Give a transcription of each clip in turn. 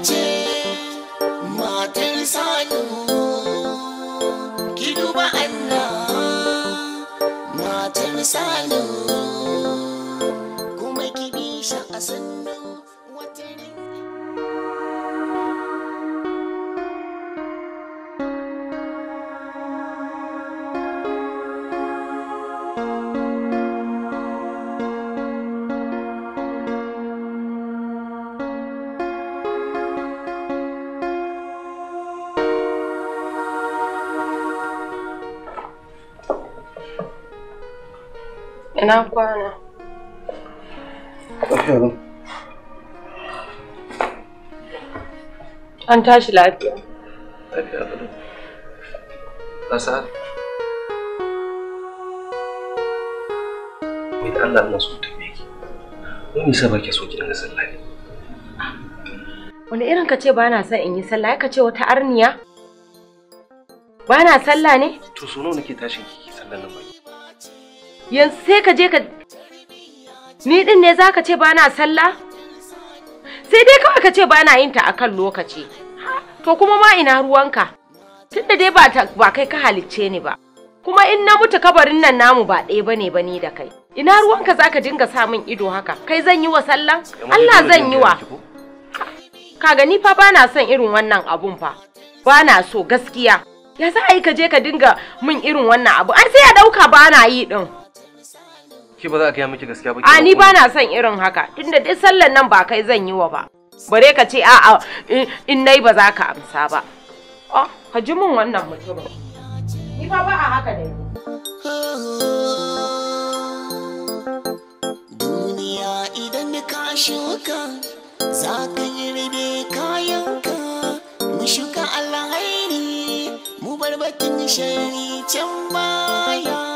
ce matar sanu ki duba Allah matar sanu kuma ki bi shi Ina kwana. An tashi lafiya. Lafiya ba Nasar. Mai Allah na so tafi ki. Mun nisa ba ke so ki dinga sallah ne. Wani irin ka ce ba na son in yi sallah, ka ce wata arniya? Ba na sallah ne? To so nawa nake tashin kiki sallan nan baki? yanzu sai ka je ka ni din ne zaka ce ba na sallah sai dai kawai ka ce ba na yin ta akan lokaci to kuma ma ina ruwanka tunda dai ba ba kai ka halicce ni ba kuma in na mutu kabarin nan namu ba ɗaya bane ba ni da kai ina ruwanka zaka dinga sa min ido haka kai zan yi wa sallan Allah zan yi wa kaga ni fa ba na son irin wannan abun fa Ba na so gaskiya ya za a yi ka je ka dinga min irin wannan abu ai sai ya dauka na yi din Shi ba za a gaya miki gaskiya ba. A ni ba na son irin haka tunda duk sallan nan ba kai zan yi wa ba. Bare ka ce a'a in nai ba za ka amsa ba. Oh, ka ji min wannan mutumin. Ni ba ba a haka da Duniya idan ka shuka za ka yi rabe kayanka mu shuka alhairi mu barbatin shari can baya.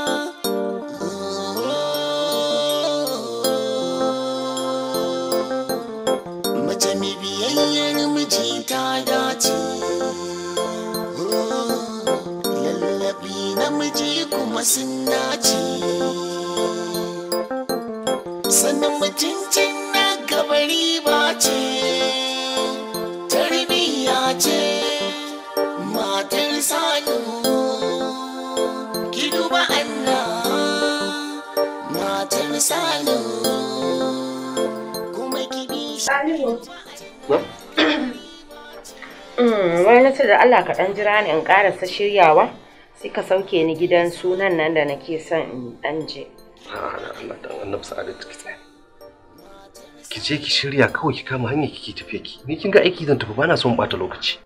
kuma sun naci sannan mutuncin na gabari ba ce tarbiyya ce matar sanu ki duba Allah matar sanu kuma ki bi shi Wani hmm, da Allah kaɗan jira ne in ƙarasa shiryawa. sai ka sauke ni gidan sunan nan da nake son in dan je da ah, Allah dan annabi sa'adatu ki tsaya ki je ki shirya kawai ki kama hanya kike tafiya ki ni kin ga aiki zan tafi bana son bata lokaci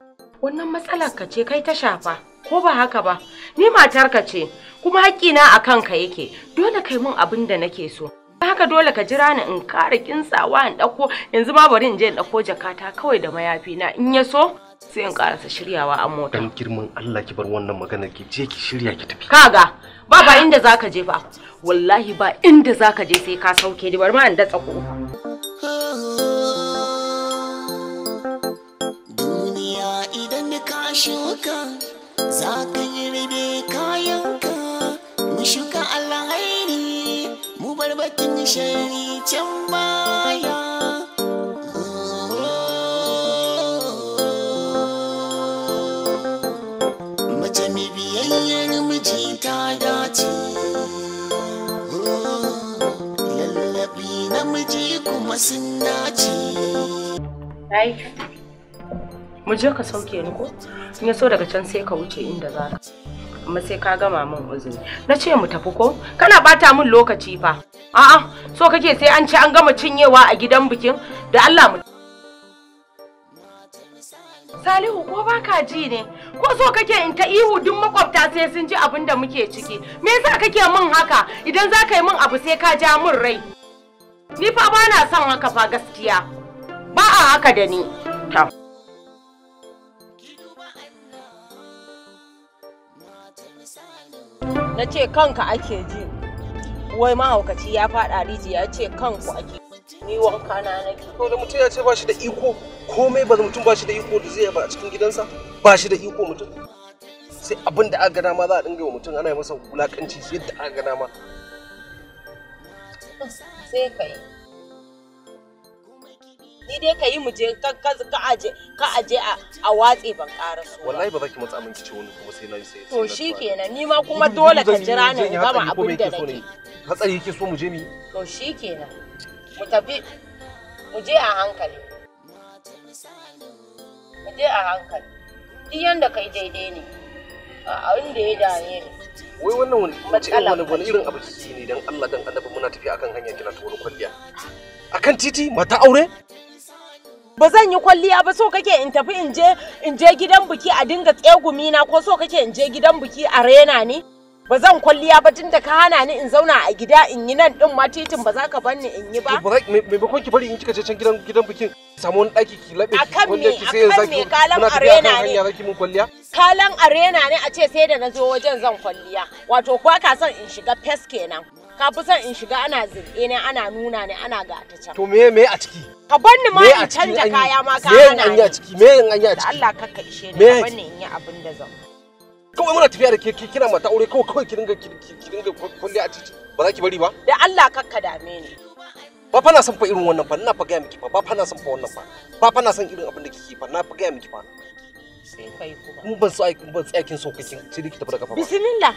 wannan matsalar ka ce kai ta shafa ko ba haka ba ni matar ka ce kuma haƙƙina a kanka yake dole kai mun abin da nake so haka dole ka jira ni in kara kintsawa in ɗauko yanzu ma bari in je in ɗauko jakata kawai da mayafi na in ya so sai in karasa shiryawa a mota dan girman Allah ki bar wannan maganar ki je ki shirya ki tafi kaga ba ba inda zaka je ba wallahi ba inda zaka je sai ka sauke ni bar ma in datsa duniya idan ka shuka zaka yi rabe kayanka mu shuka alhairi mu barbatin shari can baya kuma sun nace mu je ka sauke ni ko in so daga can sai ka wuce inda za ka amma sai ka gama min uzuri na ce mu tafi ko kana bata min lokaci fa a'a so kake sai an ci an gama cinyewa a gidan bikin da Allah mu Salihu ko baka ji ne ko so kake in ta ihu duk makwabta sai sun ji abin da muke ciki me yasa kake min haka idan za ka yi min abu sai ka ja min rai Ni fa ba na son haka fa gaskiya. Ba a haka da ni. Na ce kanka ake ji. Wai mahaukaci ya faɗa rijiya ya ce kanku ake ni wanka na nake. To da mutum ya ce ba shi da iko komai ba mutum ba shi da iko da zai ba a cikin gidansa ba shi da iko mutum. Sai abin da aka gana ma za a dinga wa mutum ana yi masa wulakanci yadda aka gana ma. sai ka yi ni dai ka yi mu je ka ka aje ka aje a a watse ban ƙara su wallahi ba zaki ki matsa aminci ce wani kuma sai na yi sai to shikenan ni ma kuma dole ka jira ne ga gama abin da nake hatsari yake so mu je mi to shikenan mu tafi mu je a hankali mu je a hankali duk yanda kai daidai ne a inda ya dame ni wai wannan wani matsala wani wani irin abu kike ne dan Allah dan annabi muna tafiya akan hanya kina ta wani kwalliya akan titi mata aure ba zan yi kwalliya ba so kake in tafi in je in je gidan biki a dinga tsegumi na ko so kake in je gidan biki a rena ne ba zan kwalliya ba tunda ka hana ni in zauna a gida in yi nan din ma titin ba za ka bar ni in yi ba. Eh, me bakon ki bari in kika ce can gidan gidan bikin samu wani ɗaki ki laɓe ki kwalliya ki sai yanzu ki kalan arena ne. Zaki mun kwalliya? Kalan arena ne a ce sai da na zo wajen zan kwalliya. Wato kuwa ka son in shiga fes kenan. Ka fi son in shiga ana zirɗe ne ana nuna ne ana gata can. To me me a ciki? Ka bar ni ma in canja kaya ma ka hana ni. Me in anya a ciki? Me in anya a ciki? Da Allah kakka ishe ni ka bar ni in yi abin da zan. kawai muna tafiya da ke kina mata aure kawai kawai ki dinga ki dinga kulli a titi ba za ki bari ba da Allah kakka dame ni ba fa na san fa irin wannan fa ina fa ga miki fa ba fa na san fa wannan fa ba fa na san irin abin da kike fa na fa ga miki fa sai kai kuma mun ban so ai kun ban tsaya kin so kin ci ki tafi da kafa bismillah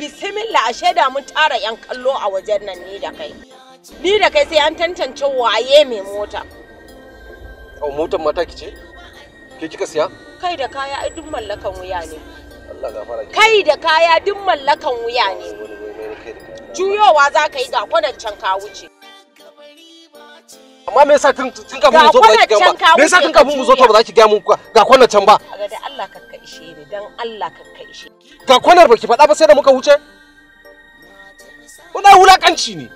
bismillah a shaida mun tara yan kallo a wajen nan ni da kai ni da kai sai an tantance waye mai mota au motar mata kice ke kika siya kai da kaya ai duk mallakan wuya ne kai da kaya duk mallakan wuya ne juyowa za ka yi ga can ka wuce amma me yasa kin kin kafin mu zo ba ki gaya ba me yasa kin kafin mu zo ta ba za ki gaya mun ga can ba ga da Allah ka ishe ni dan Allah ka ishe ga kwanar ba ki faɗa ba sai da muka wuce kuna wulakanci ne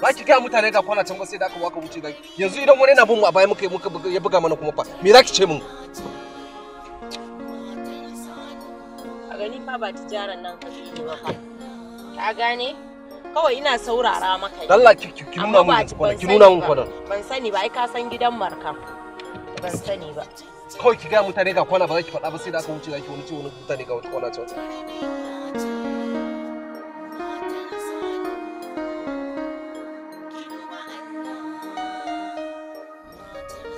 ba ki gaya mutane ga kwana can ba sai da aka waka wuce zaki yanzu idan wani yana bin mu a baya muka muka ya buga mana kuma fa me ki ce mun a gani fa ba tijaran nan ka ne ba fa ka gane kawai ina saurara maka ne dalla ki ki nuna mun kwana ki nuna mun kwana ban sani ba ai ka san gidan ban sani ba kawai ki gaya mutane ga kwana ba za ki faɗa ba sai da aka wuce zaki wani ce wani mutane ga kwana can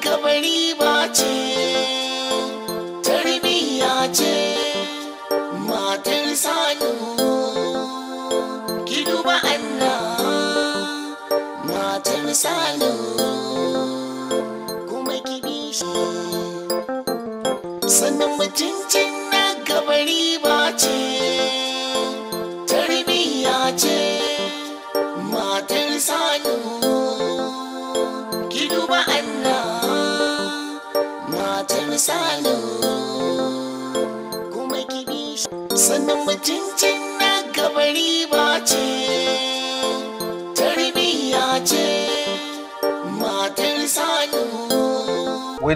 kabari ba ce tarbiyya ce matar sanu ki duba Allah matar sanu kuma ki bi shi sannan mutuncin na kabari ba ce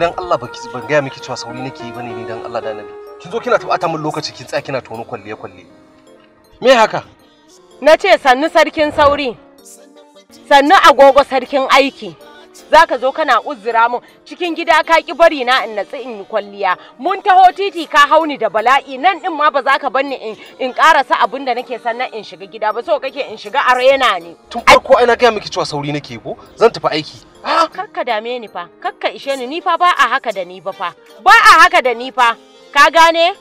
dan Allah baki ban gaya miki cewa sauri nake yi bane ni dan Allah dan nabi kin zo kina tabata min lokaci kin tsaya kina tono kwalle kwalle me haka na ce sannu sarkin sauri sannu agogo sarkin aiki zaka zo kana uzura mun cikin gida ka ki bari na in natsi in yi kwalliya mun taho titi ka hauni da bala'i nan din ma ba za ka bar ni in karasa abin da nake sannan in shiga gida ba so kake in shiga arena ne tun farko ai na ga miki cewa sauri nake ko zan tafi aiki ah! kakka dame ni fa kakka ishe ni ni fa ba a haka da ni ba fa ba a haka da ni fa ka gane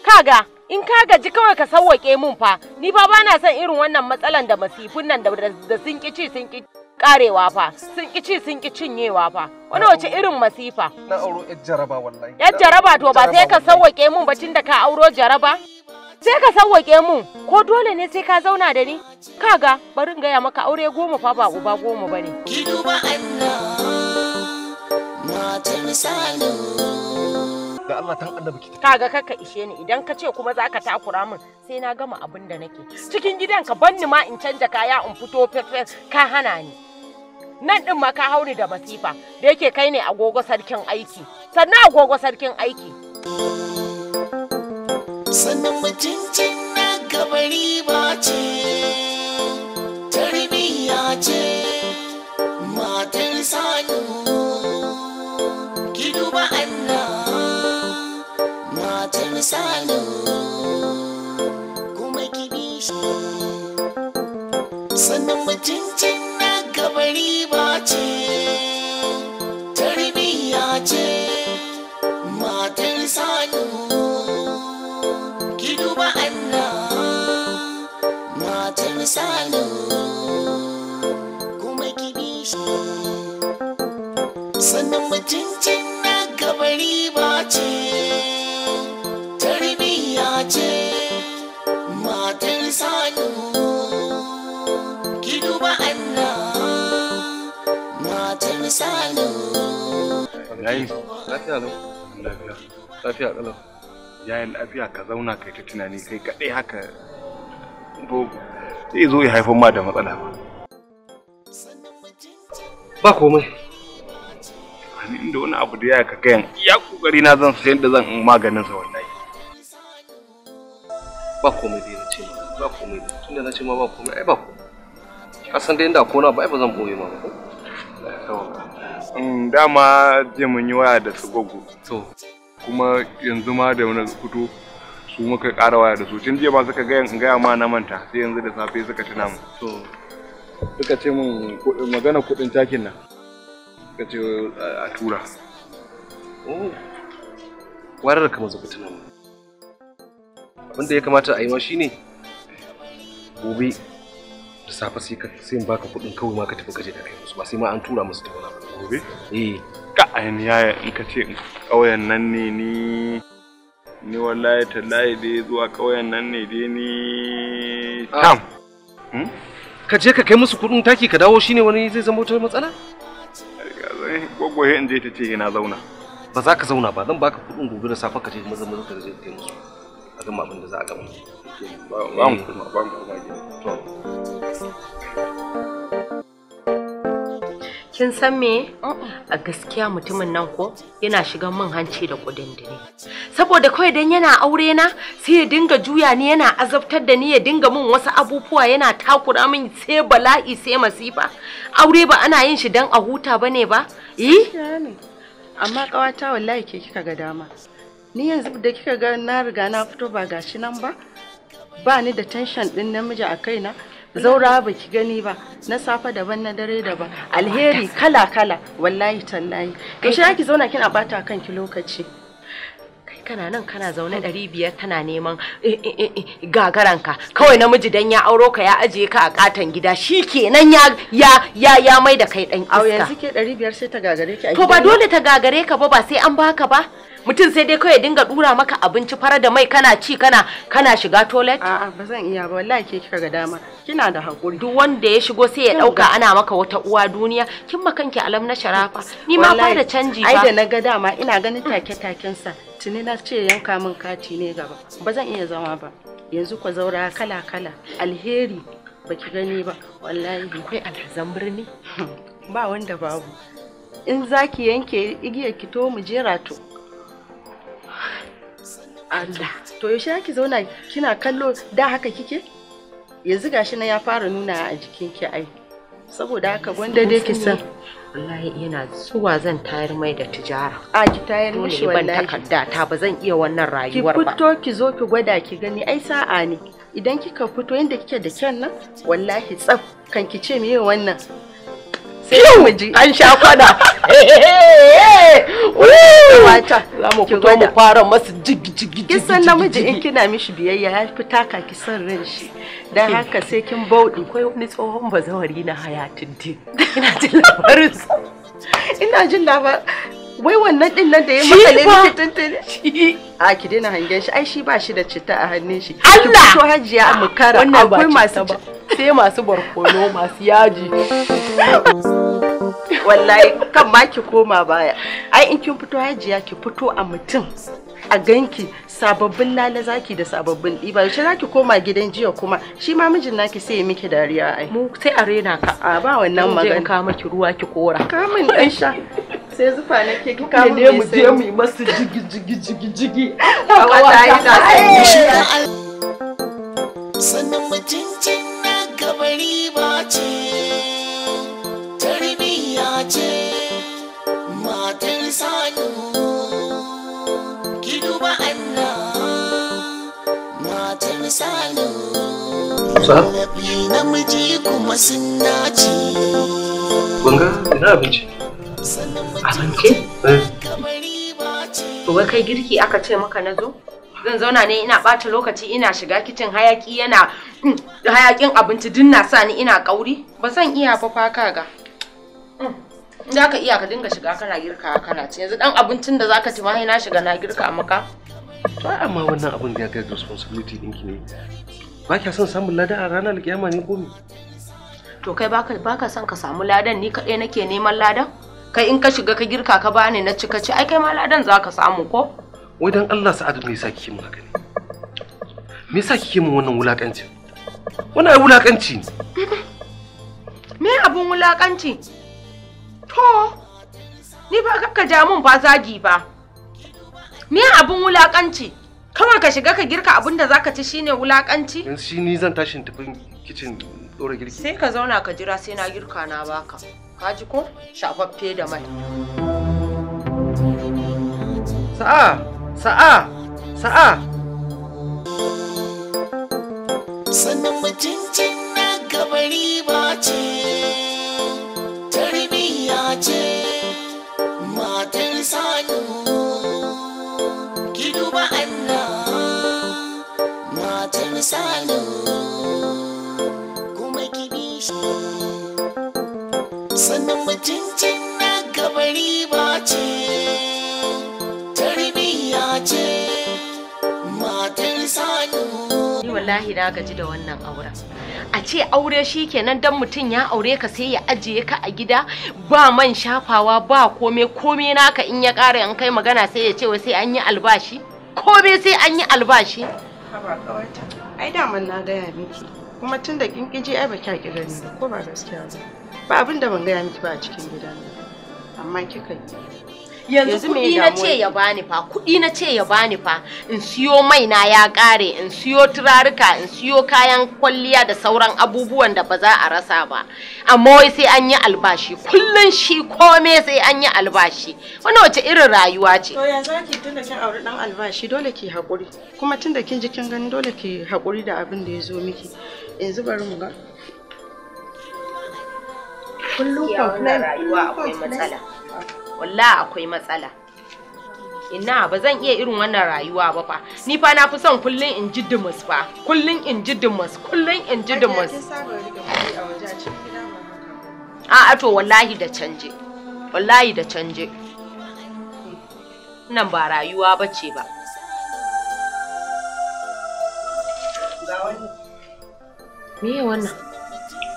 kaga in ka gaji kawai ka sawwake mun fa ni fa bana son irin wannan matsalan da masifun nan da sun ƙi ci sun ƙi karewa fa sun kici sun ki cinyewa fa wani wace irin masifa na auro yar jaraba wallahi yar jaraba to ba sai ka sawwake mun bacin da ka auro jaraba sai ka sawwake mun ko dole ne sai ka zauna da ni kaga bari in gaya maka aure goma fa ba uba goma bane ki duba Allah da Allah tan annabi ki kaga kaka ishe ni idan ka ce kuma zaka takura min sai na gama abin da nake cikin gidan ka banni ma in canja kaya in fito fefe ka hana ni nan din ma ka haure da masifa da yake kai ne agogo sarkin aiki sannan agogo sarkin aiki sannan mutuncin na gabari ba ce tarbiyya ce matar sanu ki duba Allah matar sanu kuma ki bi shi sannan mutuncin na gabari ba ce tarbiyya ce matar sanu ki duba Allah matar sanu kuma ki bi shi sannan mutuncin Ai, lafiya lau. Lafiya. Lafiya kalau. Yayin lafiya ka zauna kai ta tunani kai kaɗai haka dogo. Zai zo ya haifar ma da matsala ba. Ba komai. Ni inda wani abu da ya ka gayan iya kokari na zan sayar da zan maganin sa wallahi. Ba komai dai na ce ba komai tunda na ce ma ba komai ai ba komai. Kasan dai inda kona ba ai ba zan boye ma ba. Lafiya Mm, dama je mun yi waya da su gogo to kuma yanzu ma da wani fito su muka ƙara waya da su tun jiya ma suka gaya gaya ma na manta sai yanzu da safe suka tuna mu to suka ce mun magana kuɗin takin nan suka ce a tura oh. warar ka mazu fitina mu abin da ya kamata a yi ma shine gobe da safe sai ka sai in baka kuɗin kawai ma ka tafi kaje da kai ba sai ma an tura musu ta wani gobe? Eh. Ka ainihi in ka ce ƙauyen nan ne ni ni wallahi tallahi dai zuwa ƙauyen nan ne dai ni ah. tam. Hmm? Ka je ka kai musu kuɗin taki ka dawo shine wani zai zama wata matsala? Gwaggwaye in je ta ce na zauna. Ba za ka zauna ba zan baka kuɗin gobe da safe ka ce maza maza ka je kai musu. A gama abin da za a gama. Ba mu kuma ba mu kuma. kin san me a gaskiya mutumin nan ko yana shiga min hanci da kudindini saboda kawai dan yana aure na sai ya dinga juya ni yana azabtar da ni ya dinga min wasu abubuwa yana takura min sai bala'i sai masifa aure ba ana yin shi dan a huta bane ba eh amma kawata wallahi ke kika ga dama ni yanzu da kika ga na riga na fito ba gashi nan ba ba ni da tension din namiji a kaina zaura ba ki gani ba na safa daban na dare daban alheri kala kala wallahi tallahi to shi ki zauna kina bata kanki lokaci kai kana nan kana zaune ɗari biyar tana neman eh, eh, eh, gagaranka kawai namiji dan ya auro ka ya ajiye ka a katon gida shi kenan ya ya ya ya mai da kai dan iska yanzu ke ɗari biyar sai ta gagare ki to ba dole ta gagare ka ba ba sai an baka ba mutum sai dai kawai dinga dura maka abinci fara da mai kana ci kana kana shiga toilet a'a ba zan iya ba wallahi ke kika ga dama kina da hakuri duk wanda ya shigo sai ya dauka ana maka wata uwa duniya kin ma kanki alam na sharafa ni ma ba da canji ba ai da na ga dama ina ganin take taken sa tuni na ce yanka min kati ne gaba ba zan iya zama ba yanzu ku zaura kala kala alheri baki gani ba wallahi kai alhazan birni ba wanda babu in zaki yanke igiyar ki to mu jera to Allah to yaushe zaki zauna kina kallo da haka kike yanzu gashi na ya fara nuna a jikin ki ai saboda haka gwanda dai ki san wallahi yana zuwa zan tayar mai da tijara a ki tayar mishi wallahi ban takarda ta ba zan iya wannan rayuwar ba ki fito ki zo ki gwada ki gani ai sa'a ne idan kika fito yanda kike da kyan nan wallahi tsaf kan ki ce meye wannan sai an sha kwana wata za mu fito mu fara masu jigi jigi kin san namiji in kina mishi biyayya ya fi taka ki san ran shi dan haka sai kin bauɗi kai wani tsohon bazawari na hayatin din ina jin labarin ina jin labarin wai wannan din nan da ya makale miki tuntuni shi a ki dina hangen shi ai shi ba shi da citta a hannun shi Allah ki fito hajiya mu kara akwai masu sai masu barkono masu yaji wallahi kan ma ki koma baya ai in kin fito hajiya ki fito a mutum a ganki sababbin lala zaki da sababbin ɗiba shi zaki koma gidan jiya kuma shi ma mijin naki sai ya miki dariya ai mu sai a rena ka a ba wannan magana ka miki ruwa ki kora min dan sha sai zufa nake ki kamun ne mu je mu yi masa jigi jigi jigi jigi a yi na sai salo namiji kuma sun dace Bunga, ina eh. kai girki aka ce maka na zo? Zan zauna ne ina ɓata lokaci ina shiga kicin hayaki yana mm, hayakin abinci dinna sa ni ina ƙauri? Ba zan iya fa fa kaga. Da mm. ka iya ka dinga shiga kana girka kana ci yanzu ɗan abincin da za ka ci ma na shiga na girka maka. ba amma wannan abin da ya kai responsibility ɗinki ne ba kya son samun lada a ranar alkiyama ne ko to kai ba ka son ka samu ladan ni kaɗai nake neman ladan kai in ka shiga ka girka ka bani na cika ci ai kai ma ladan za ka samu ko wai dan Allah sa'adu me yasa kike mun haka ne me yasa kike mun wannan wulakanci? wannan ai wulakanci ne me abun wulakanci to ni ba ka ja mun ba zagi ba Me abun wulakanci? Kawai ka shiga ka girka abun da zaka ci shine wulakanci? Yanzu shi ni zan tashi tafi kicin dora girki. Sai ka zauna ka jira sai na girka na baka. Ka ji ko? Shafaffe da mai. Sa'a, sa'a, sa'a. Sannan mutuncin na gabari ba ce. salo kuma é que bicho sannan mutuncin me kabari na ce tarbiyya ce matar salo wallahi gaji da wannan auren a ce aure shi kenan dan mutum ya aure ka sai ya ajiye ka a gida ba man shafawa ba komai komai naka in ya ƙara in kai magana sai ya ce sai an yi albashi Komai sai an yi albashi haba ai daman na gaya miki kuma tun da kinkiji ai ba kya ki gani ba ko ba gaskiya ba ba abin da ban gaya miki ba a cikin gidan nan amma kika yi yanzu kuɗi na ce ya bani fa kuɗi na ce ya bani fa in siyo mai na ya ƙare in siyo turaruka in siyo kayan kwalliya da sauran abubuwan da ba za a rasa ba amma wai sai an yi albashi kullun shi kome sai an yi albashi wani wace irin rayuwa ce to yanzu ki tunda kin auri dan albashi dole ki haƙuri kuma tunda kin ji kin gani dole ki haƙuri da abin da ya zo miki yanzu bari mu ga kullum rayuwa kullum matsala wallahi akwai matsala ina ba zan iya irin wannan rayuwa ba fa ni fa na fi son kullun in ji dumus fa kullun in ji dumus kullun in ji dumus a a to wallahi da canje wallahi da canje nan ba rayuwa ba ce ba Me wannan?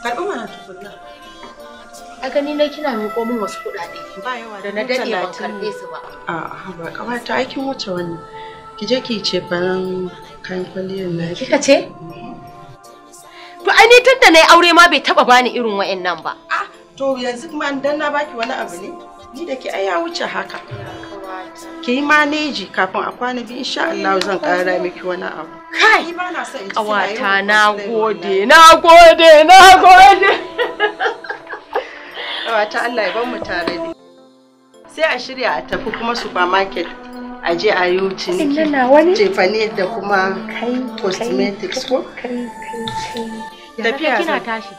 Karɓi mana tukunna. a gani na kina miƙo wasu kuɗaɗe ba yawa da na daɗe su ba ba kamata aikin wuce wannan ki je ki ce faran kayan kwalliyar na ka ce to ai ni tunda nayi aure ma bai taba bani irin wa'annan ba ah to yanzu kuma dan na baki wani abu ne ni da ke ya wuce haka ki yi maneji kafin a kwana biyu insha Allah zan ƙara miki wani abu kai na gode na gode na gode Kawata Allah ya bar mu tare ne. Sai a shirya a tafi kuma supermarket a je a yi ciniki. Jefane da kuma cosmetics ko? Tafiya kina tashi.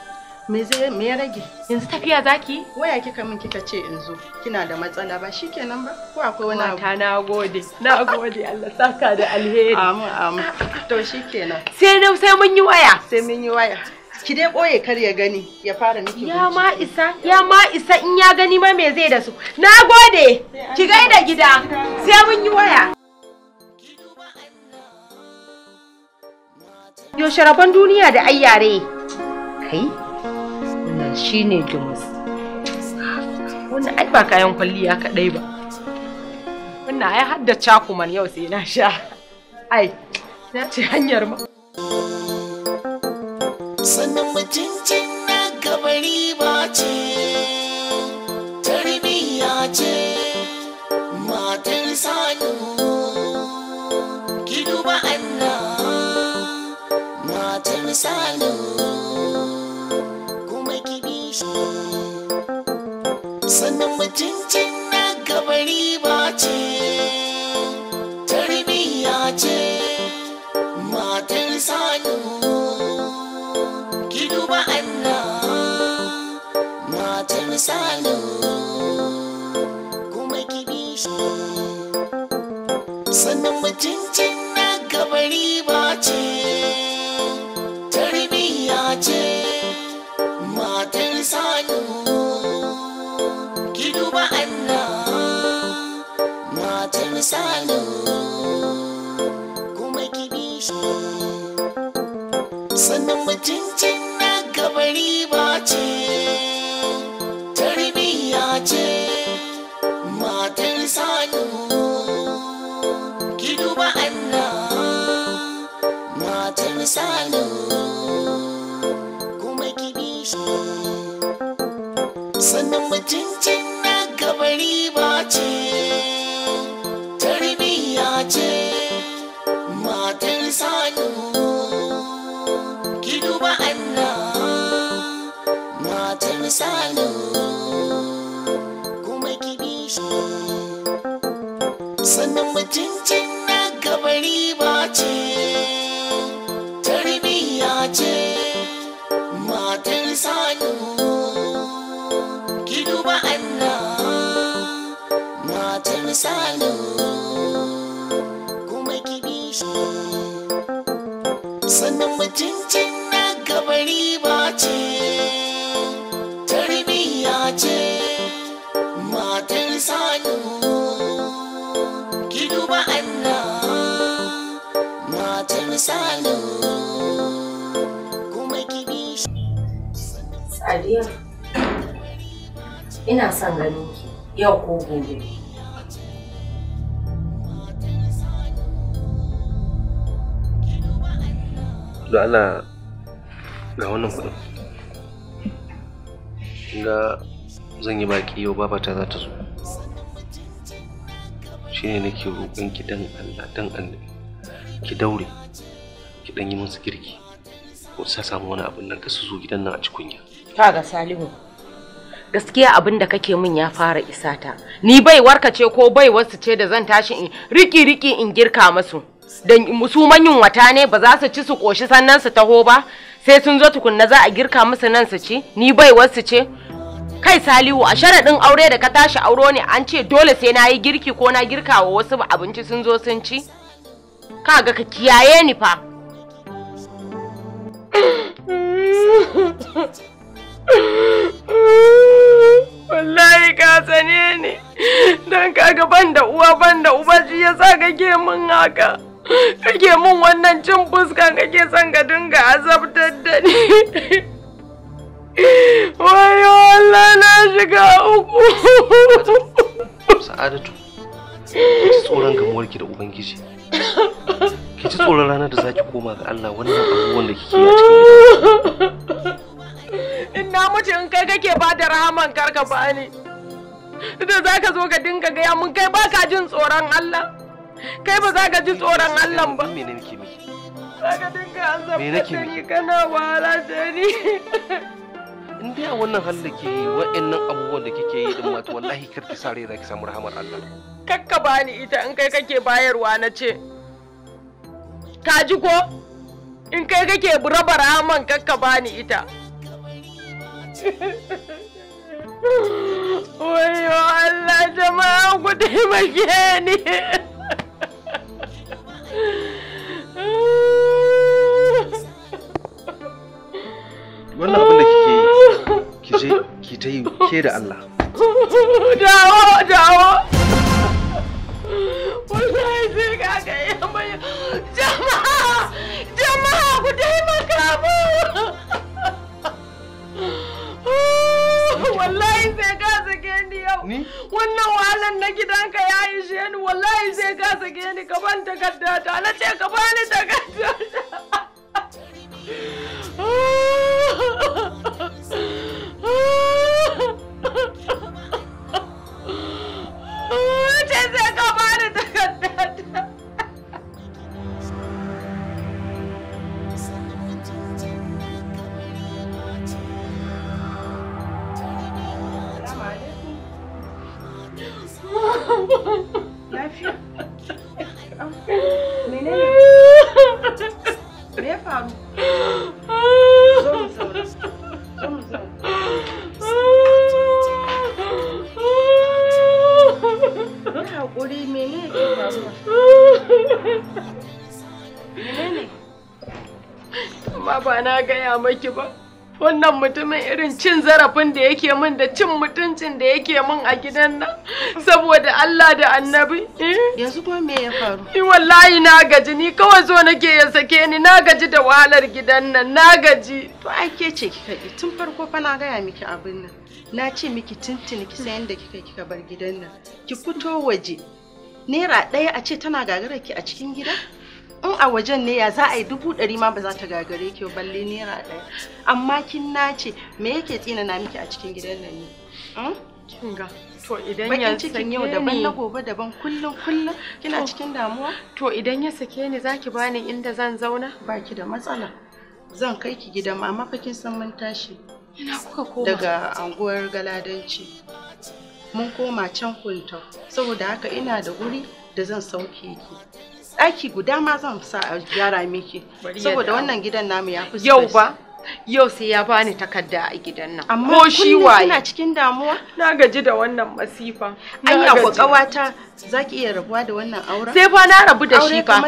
Me zai me ya rage? Yanzu tafiya zaki? Waya kika min kika ce in zo. Kina da matsala ba shikenan ba? Ko akwai wani abu? na gode. Na gode Allah saka da alheri. Amin amin. To shikenan. Sai na sai mun yi waya. Sai mun yi waya. ki dai ɓoye kar ya gani ya fara miki ya ma isa ya ma isa in ya gani ma me zai da su na gode ki gaida gida sai mun yi waya yo sharaban duniya da ayyare kai wannan shine jumus wannan ai ba kayan kwalliya kadai ba wannan ai hadda chakuman yau sai na sha ai na ce hanyar ma sanin mutuncin na gabari ba salo kuma kiɗi shi sannan mutuncin na gabari ba ce yau ko zan yi baki yau babata za zo. Shi ne nake dan Allah dan Allah ki daure ki yi musu girki. Ko sa samu wani nan ka su zo gidan nan a cikin ya. ga Salihu gaskiya abin da kake min ya fara isa ta ni bai ce ko bai wasu ce da zan tashi in riki riki in girka musu dan su manyan wata ne ba za su ci su koshi sannan su taho ba sai sun zo tukunna za a girka musu nan su ci ni bai wasu ce kai salihu a sharaɗin aure da ka tashi auro ne an ce dole sai na yi girki ko na girka wa wasu abinci sun zo sun ci kaga ka kiyaye ni fa wallahi ka sane ni? don kaga ban da uwa ban da uba shi yasa kake min haka kake min wannan cin fuskan kake son ka dinga azabtar da ni wai wallahi na shiga uku sa'adatu ki ci tsoron ki da ubangiji ki ci tsoron ranar da zaki koma ga Allah wannan abubuwan da kike yi a cikin in na in kai kake ba da rahaman karka ba ni da za ka zo ka dinga gaya mun kai ba ka jin tsoron Allah kai ba za ka ji tsoron Allah ba me nake miki za ka dinga azabta da ni kana wahala da ni in dai a wannan halin da ke yi wa'annan abubuwan da kike yi din mata wallahi kar ki sa rai za ki samu rahamar Allah kakka bani ita in kai kake bayarwa na ce ka ji ko in kai kake raba rahaman kakka bani ita Wayo Allah jama'a ku taimake ni. Wannan abin da kike yi, ki je ki ta yi ke da Allah. Dawo, dawo. yau wannan wahalan na gidanka ya ishe ni wallahi zai ka sake ni ka ban takarda ta na ce ka bani takarda ah. lafiya me ya faru ba na gaya maki ba wannan mutumin irin cin zarafin da yake min da cin mutuncin da yake min a gidan nan saboda Allah da annabi eh? yanzu kuma me ya faru ni wallahi na gaji ni kawai zo nake ya sake ni na gaji da wahalar gidan nan na gaji to ai ke ce kika yi tun farko fa na gaya miki abin nan na ce miki tuntuni ki san yadda kika kika bar gidan nan ki fito waje naira ɗaya a ce tana gagarar ki a cikin gida in a wajen ne ya za a yi dubu ɗari ma ba za ta gagare ki balle naira ɗaya amma kin nace me yake tsina na miki a cikin gidan nan ne hmm? kin ga to idan ya sake yau daban na gobe daban kullum kullum kina cikin damuwa to idan ya sake ni zaki bani inda zan zauna baki da matsala zan kai ki gidan mama fa kin san mun tashi ina kuka koma daga anguwar galadanci mun koma can kunta saboda haka ina da guri da zan sauke ki ɗaki guda ma zan sa a gyara miki saboda wannan gidan namu ya fi yau ba yau sai ya bani takarda a gidan nan ko shi waye cikin damuwa na gaji da wannan masifa anya ku kawata zaki iya rabuwa da wannan auren sai fa na rabu da shi fa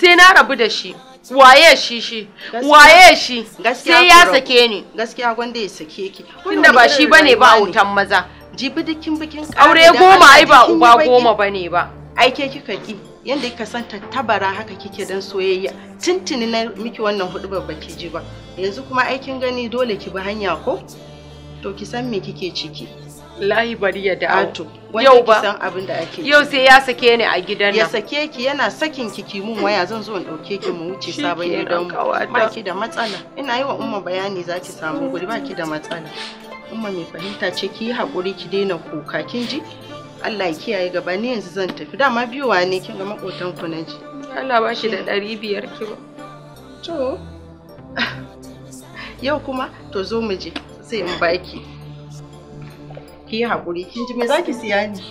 sai na rabu da shi waye shi shi waye shi sai ya sake ni gaskiya gwanda ya sake ki tunda ba shi bane ba autan maza jibi dukin bikin aure goma ai ba uba goma bane ba Aike kika ki yadda kika san tattabara haka kike dan soyayya tuntuni na miki wannan hudu babba ki ji ba yanzu kuma aikin gani dole ki bi hanya ko to ki san me kike ciki layi bari ya da ato yau ba san abin da ake yau sai ya sake ni a gidan nan ya sake ki yana sakin ki ki mun waya zan zo in dauke ki mu wuce sabon gidan ba ki da matsala ina yi wa umma bayani za ki samu guri ba ki da matsala umma mai fahimta ce ki yi haƙuri ki daina kuka kin ji Allah ya kiyaye gaba ni yanzu zan tafi dama biyowa ne kin ga makotan ku na ji Allah ba shi da ɗari biyar kilo to yau kuma to zo mu je sai in baki ki yi haƙuri kin ji me zaki siya ni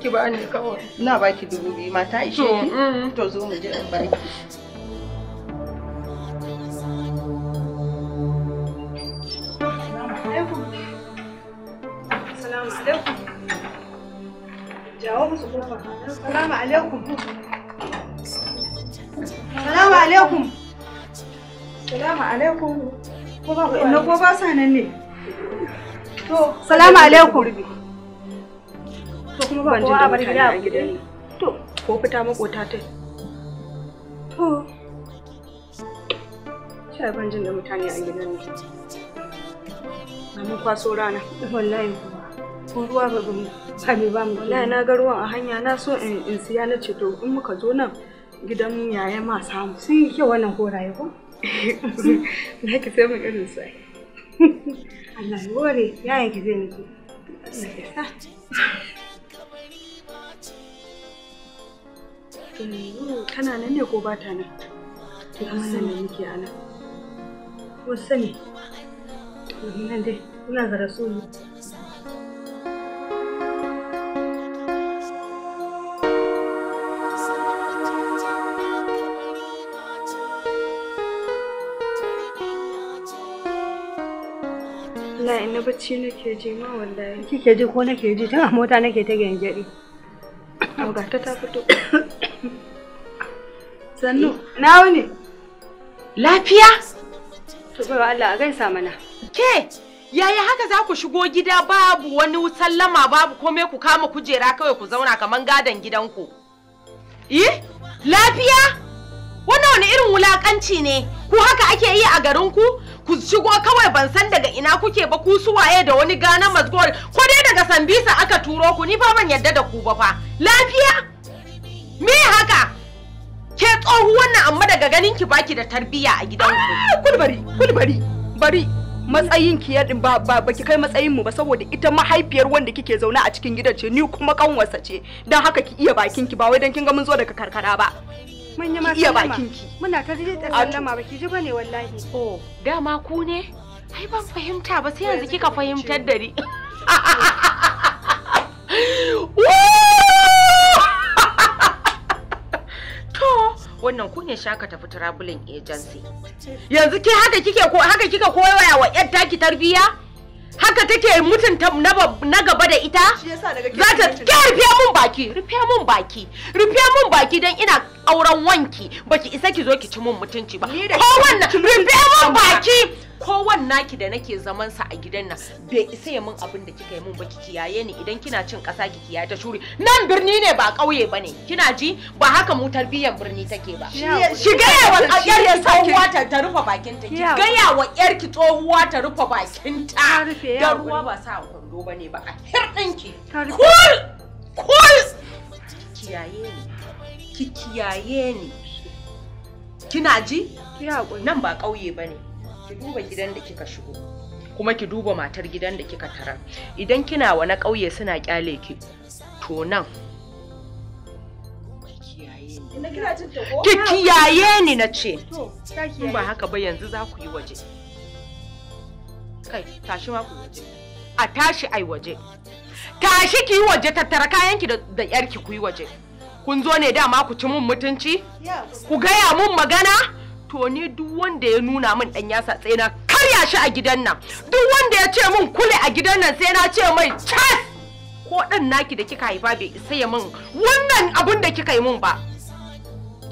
ki ba ni kawai ina baki dubu biyu mata ishe ki mm. to zo mu je in baki Thank you. Jawo musu kofar. Salamu alaikum. Salamu alaikum. Salamu alaikum. ko ba sa nan ne? salamu alaikum. To kuma ba kowa a bar gida a gidan. To, ko fita makota ta. To. Cewa Sami ba mu Wallahi na ga ruwan a hanya na so in in siya na ce to in muka zo nan gidan yaya ma samu. Sun yi kyau wannan horaye ko? Na ki sai mun irin sai. Allah ya ware yaya ki zai miki. Kana nan ne ko ba ta nan? kuma nan ne muke a nan. Ko sani? Nan dai, ina ga rasulu. wallahi ina bacci nake ji ma wallahi kike ji ko nake ji tun a mota nake ta gyangyadi ga ta ta fito sannu na wani lafiya to bai Allah a gaisa mana ke yaya haka za ku shigo gida babu wani sallama babu komai ku kama kujera kawai ku zauna kaman gadon gidanku eh lafiya wannan wani irin wulakanci ne ku haka ake yi a garinku ku shigo kawai ban san daga ina kuke ba ku suwaye da wani gana mazgori ko dai daga sambisa aka turo ku ni fa ban yadda da ku ba fa lafiya me haka ke tsohu wannan amma daga ganin ki baki da tarbiyya a gidan ku ah, kulbari kulbari bari matsayin ki ya ba ba ki kai matsayin mu ba saboda ita mahaifiyar wanda kike zaune a cikin gidan ce ni kuma kanwarsa ce dan haka ki iya bakin ki ba wai dan kin ga mun zo daga karkara ba manya ma iya bakin ki muna ta jide da sallama ki ji bane wallahi oh dama ku ne ai ban fahimta ba sai yanzu kika fahimtar da ni wannan ku ne shaka tafi traveling agency yanzu ke haka kike ko haka kika koyawa wa yar taki tarbiya haka take mutunta na gaba da ita za ta ke rufe mun baki rufe mun baki rufe mun baki don ina auren wanki baki isa ki zo ki ci mun mutunci ba ko wannan rufe mun baki ko wannan ki da nake zaman sa a gidan nan bai isa ya mun abin da kika yi mun baki kiyaye ni idan kina cin kasa ki kiyaye ta shuri nan birni ne ba kauye bane kina ji ba haka mu tarbiyyar birni take ba shiga wa yar tsohuwa ta ta rufe bakin ta ki gaya wa yar ki tsohuwa ta rufe bakin ta da ruwa ba sa kwando bane ba a hirdin ki kul kul kiyaye ni ki kiyaye ni kina ji nan ba ƙauye ba ne ki duba gidan da kika shigo kuma ki duba matar gidan da kika tara idan kina wani ƙauye suna kyale ki to nan ki kiyaye ni na ce in ba haka ba yanzu za ku yi waje kai tashi ma ku waje a tashi ai waje tashi ki yi waje tattara kayanki da yarki ku yi waje kun zo ne dama ku ci mun mutunci ku gaya mun magana to ni duk wanda ya nuna mun dan yasa sai na karya shi a gidan nan duk wanda ya ce mun kule a gidan nan sai na ce mai cas ko ɗan naki da kika haifa bai isa ya min wannan abun da kika yi mun ba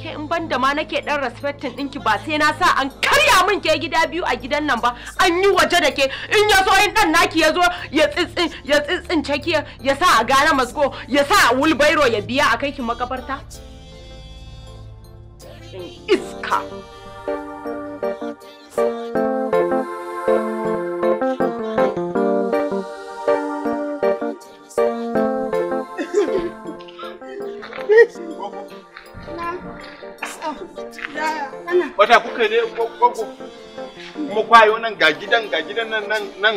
Ke in ban da ma nake dan respecting ɗinki ba sai na sa an karya min ke gida biyu a gidan nan ba an yi waje da ke in ya so in dan naki ya zo ya tsitsin ya tsitsin ya sa a gane masko ya sa a wulbairo ya biya a kai ki makabarta. Iska. Wata kuka ne ko kuma kwayo nan ga gidan nan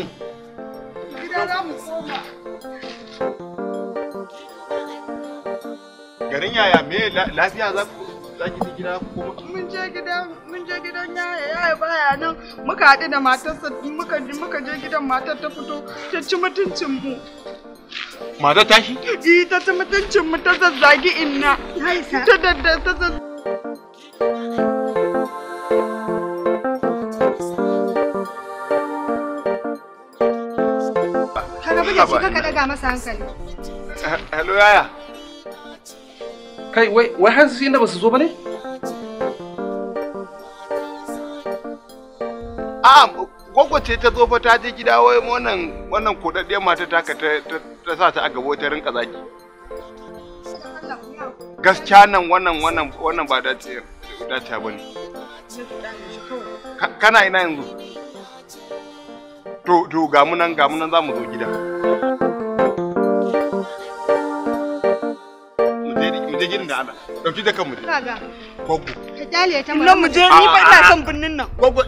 Garin yaya me lafiya za ji gidan mun muka haɗu da matarsa muka je gidan matar ta fito ta ci mutuncin mu Matar tashi? Eh ta mutuncin mu ta zazzagi inna. zazzagi. shiga ka daga masa hankali. Hello yaya. Kai wai wai har sai inda ba su zo bane? A ah, gwagwace ta zo fa ta je gida wai wannan wannan kodaddiyar mata ta ka ta sa ta a gabo ta rinka zaki. Gaskiya nan wannan wannan wannan ba da ce da ta bane. Kana ina yanzu? To to ga mu nan ga mu nan za mu zo gida. je gidan da Allah dauki da kanmu kaga gogo ka dale ta nan mu je ni fa ina son binnin nan gogo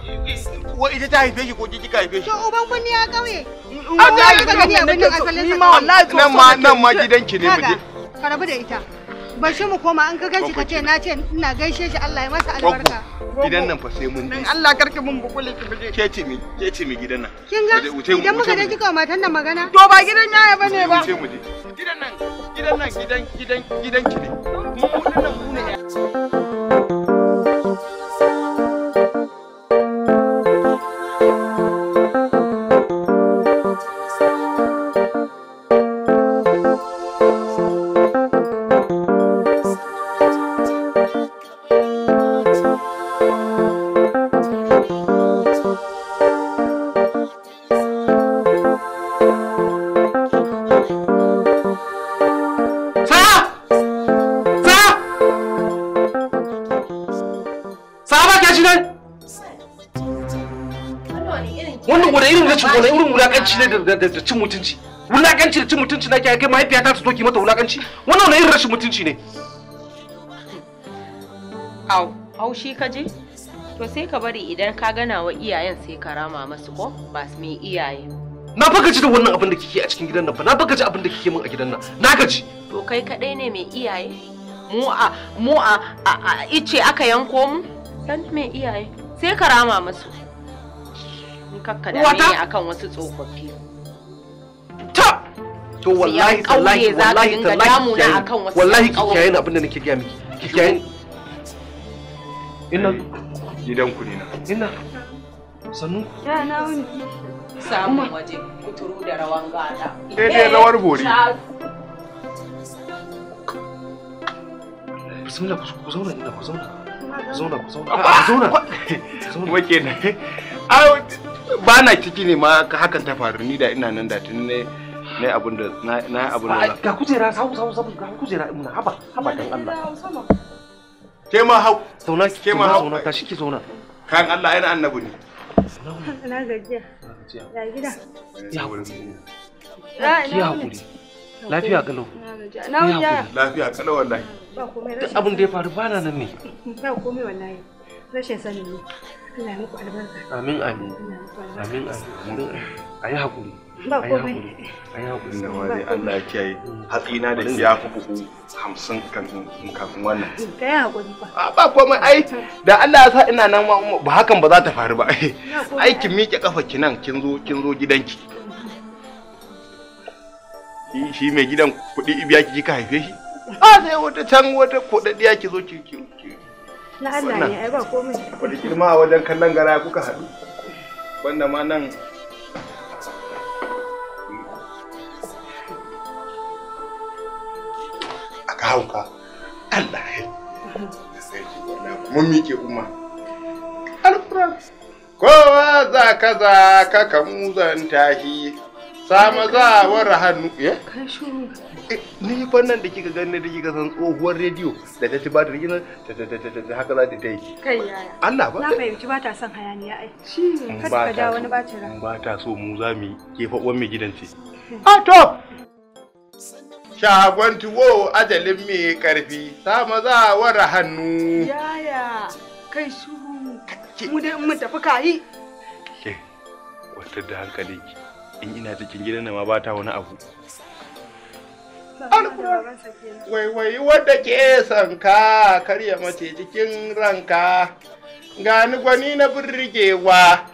wa ita ta haife ko ki kika haife shi to uban binni ya kauye wallahi ka gani abin asalin sa wallahi nan ma nan ma gidanki ne mu je ka rabu da ita bashi mu koma an ka ka ce na ce ina gaishe shi Allah ya masa albarka gidan nan fa sai mun dan Allah karki mun bukule ki buje ke ce mi ke ce mi gidan nan kin ga idan muka je kika matan nan magana to ba gidan yaya bane ba mu je gidan nan gidan nan gidan gidan gidan ki ne mu nan mu ne wannan wani irin rashin wani irin wulakanci ne da cin mutunci wulakanci da cin mutunci na kai mahaifiyata ta doki mata wulakanci wannan wani irin rashin mutunci ne au au shi ka ji to sai ka bari idan ka gana wa iyayen sai ka rama masu ko ba su mai iyaye na fa gaji da wannan abin da kike a cikin gidan nan fa na fa gaji abin da kike min a gidan nan na gaji to kai kadai ne mai iyaye mu a mu a ice aka yanko mu san mai iyaye sai ka rama masu kakka ne akan wasu tsofaffi ta to wallahi wallahi wallahi wallahi wallahi ki kiyaye abin da nake gaya miki ki kiyaye ina gidan ku ne na ina sannu ya na samun waje kuturu da rawan gada eh, eh, eh, rawar bori bismillah ku zauna ina ku zauna ku zauna ku zauna ku zauna ku zauna ba na ciki ne ma hakan ta faru ni da ina nan da tun ne ne abin da na abin da ga kujera samu samu samu ga kujera ina haba haba dan Allah ke ma hau sauna ke ma hau ka tashi ki zauna kan Allah ina annabi ne na gajiya ya gida ya hakuri ki hakuri lafiya kalau na gajiya lafiya kalau wallahi ba komai abin da ya faru bana nan ne ba komai wallahi rashin sani ne Allah muku albarka. Amin amin. Amin amin. A yi haƙuri. Ba komai. A yi haƙuri. Na wani Allah ya kiyaye. Mm. Hatsina da ya fi buhu hamsin kafin wannan. Mm, ka yi haƙuri ba. Ah, ba komai ai da Allah ya sa ina nan ba hakan ba za ta faru ba. Ai ki miƙe ƙafa ki nan kin zo kin zo gidanki. Shi mai gidan kuɗi ibiya ki ka haife shi? A ah. ah, sai wata can wata kuɗaɗɗiya ki zo ki na Allah ne ai ba komai girma a wajen kallon gara kuka haɗu wanda ma nan a ka hauka Allah ya mun miƙe umma alfura kowa za ka za ka kamuzan tahi sama za war hannu ya eh? kai shuru Eh, ni fannan da kika gani da kika san tsohuwar rediyo da ta ci ba da rigina ta haka za ta ta yi kai yaya Allah ba na fahimci ba ta son hayaniya ai shi ne kada ka da wani bacin ran ba ta so mu za mu ke fa uwan mai gidan ce hmm. a ah, to shagon tuwo ajalin mai karfi ta maza wara hannu yaya kai shuru mu dai mu tafi kayi ke wata da hankali in ina cikin gidan nan ma ba ta wani abu waiwai wadda ke sanka karya mace cikin ranka gani gwani na birgewa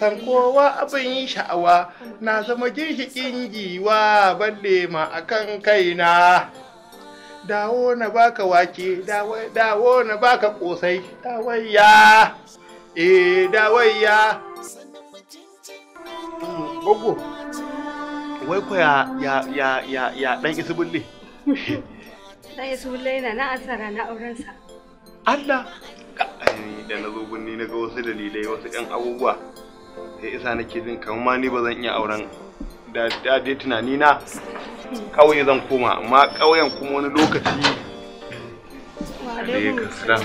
san kowa abin yi sha'awa na zama ginshikin giwa balle ma akan kaina dawo na baka wake dawo na baka kosai dawayya eh dawayya wai ko ya ya ya ya ya dan isubulle dan isubulle bulle yana na asara na auren sa Allah da na zo gunni na ga wasu dalilai wasu kan abubuwa sai isa nake jin kamar ma ni ba zan iya auren da da dai tunani na kauye zan koma amma kauyen kuma wani lokaci alaikum salam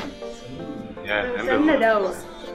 ya kan da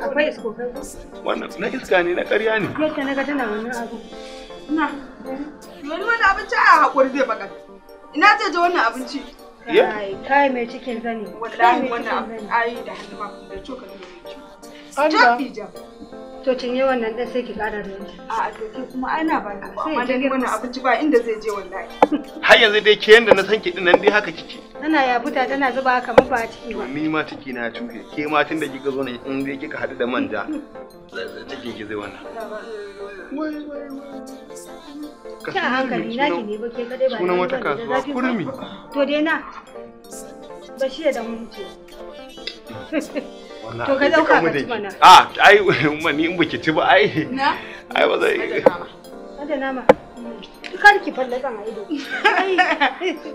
Akwai iska ne na ƙarya ne. Ina ce ji wannan abinci. Kai mai cikin zani. Wallahi wannan ayi da hannu ba da cokali jam. To cinye wannan ɗan sai ki ƙara da yanki. A'a to ke kuma ana ba ni. wannan abinci ba inda zai je wallahi. Har yanzu dai ke yanda na san ki ɗin nan dai haka kike. tana buta tana zuba kamar mafa a ciki ba ni ma ciki na cuke ke ma tun da kika zo ne in dai kika hadu da manja cikin ki zai wannan ka hankali na ki ne ba ke kadai ba sunan wata kasuwa kurmi to dai na ba shi da mun ce to ka dauka ka ci mana a ah, ai mani in baki ci ba ai na ai ba zai ka da nama kar ki fallasa a ido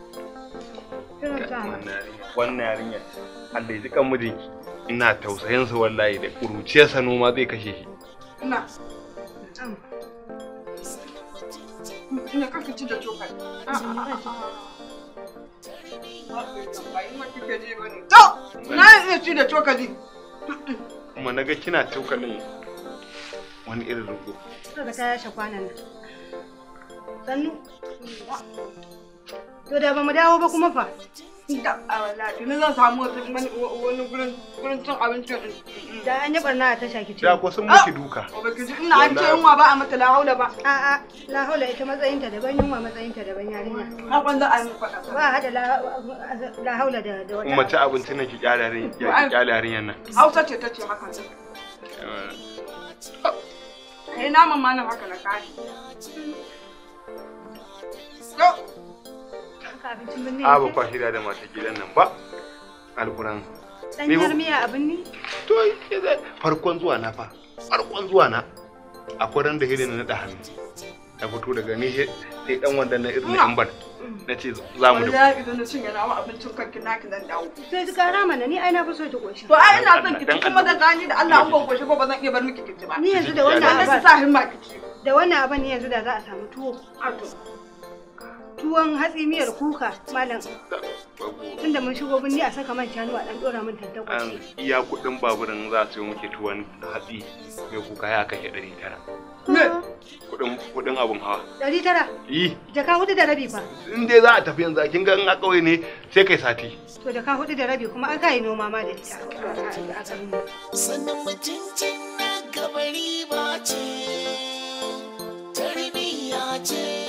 wannan yarinyar Allah ya ji kan mijinki ina tausayin sa wallahi da kuruciyarsa noma zai kashe shi ina ina kaka ci da cokali to na iya ci da cokali kuma na ga kina cokalin wani irin rugo da kaya shakwanan nan sannu To da ba mu dawo ba kuma fa. Da a wallahi tuni zan samu wani gurin gurin cin abincin da an yi barna ta shaki ce. Da ko sun miki ah! duka. Ba ki ji ina an ce yunwa ba a mata lahaula ba. A a lahaula ita matsayin ta daban yunwa matsayin ta daban yarinya. Ha ban za a yi faɗa. Ba hada lahaula da da wata. Mace abinci na ki kyalarin ya kyalarin nan. Hausa ce ta ce Kai eh. eh, naman ma na haka na kare. a ba kwa shirya da masu gidan nan ba alkuran ɗanyar miya abin ni to farkon zuwa na fa farkon zuwa na a ran da hidin na da hannu na fito daga ni sai dan wannan na irin ambar na ce za mu da wallahi idan na cinye na mu abincin kanki naki nan dawo sai ji kara mana ni ai na fi so ki goshi to ai ina son ki ci kuma da gani da Allah an ban goshi ko ba zan iya bar miki kici ba ni yanzu da wannan abin sa da wannan abin yanzu da za a samu tuwo a to tuwon hatsi miyar kuka malam tunda mun shigo binni a saka man shanu a dan dora min an iya kudin baburin za su yi muke tuwon hatsi mai kuka ya kashe ɗari tara me kudin kudin abun hawa ɗari tara yi jaka hudu da rabi fa in dai za a tafi yanzu kin ga in a ƙauye ne sai kai sati to jaka hudu da rabi kuma aka yi noma ma da sannan mutuncin na gabari ba ce tarbiyya ce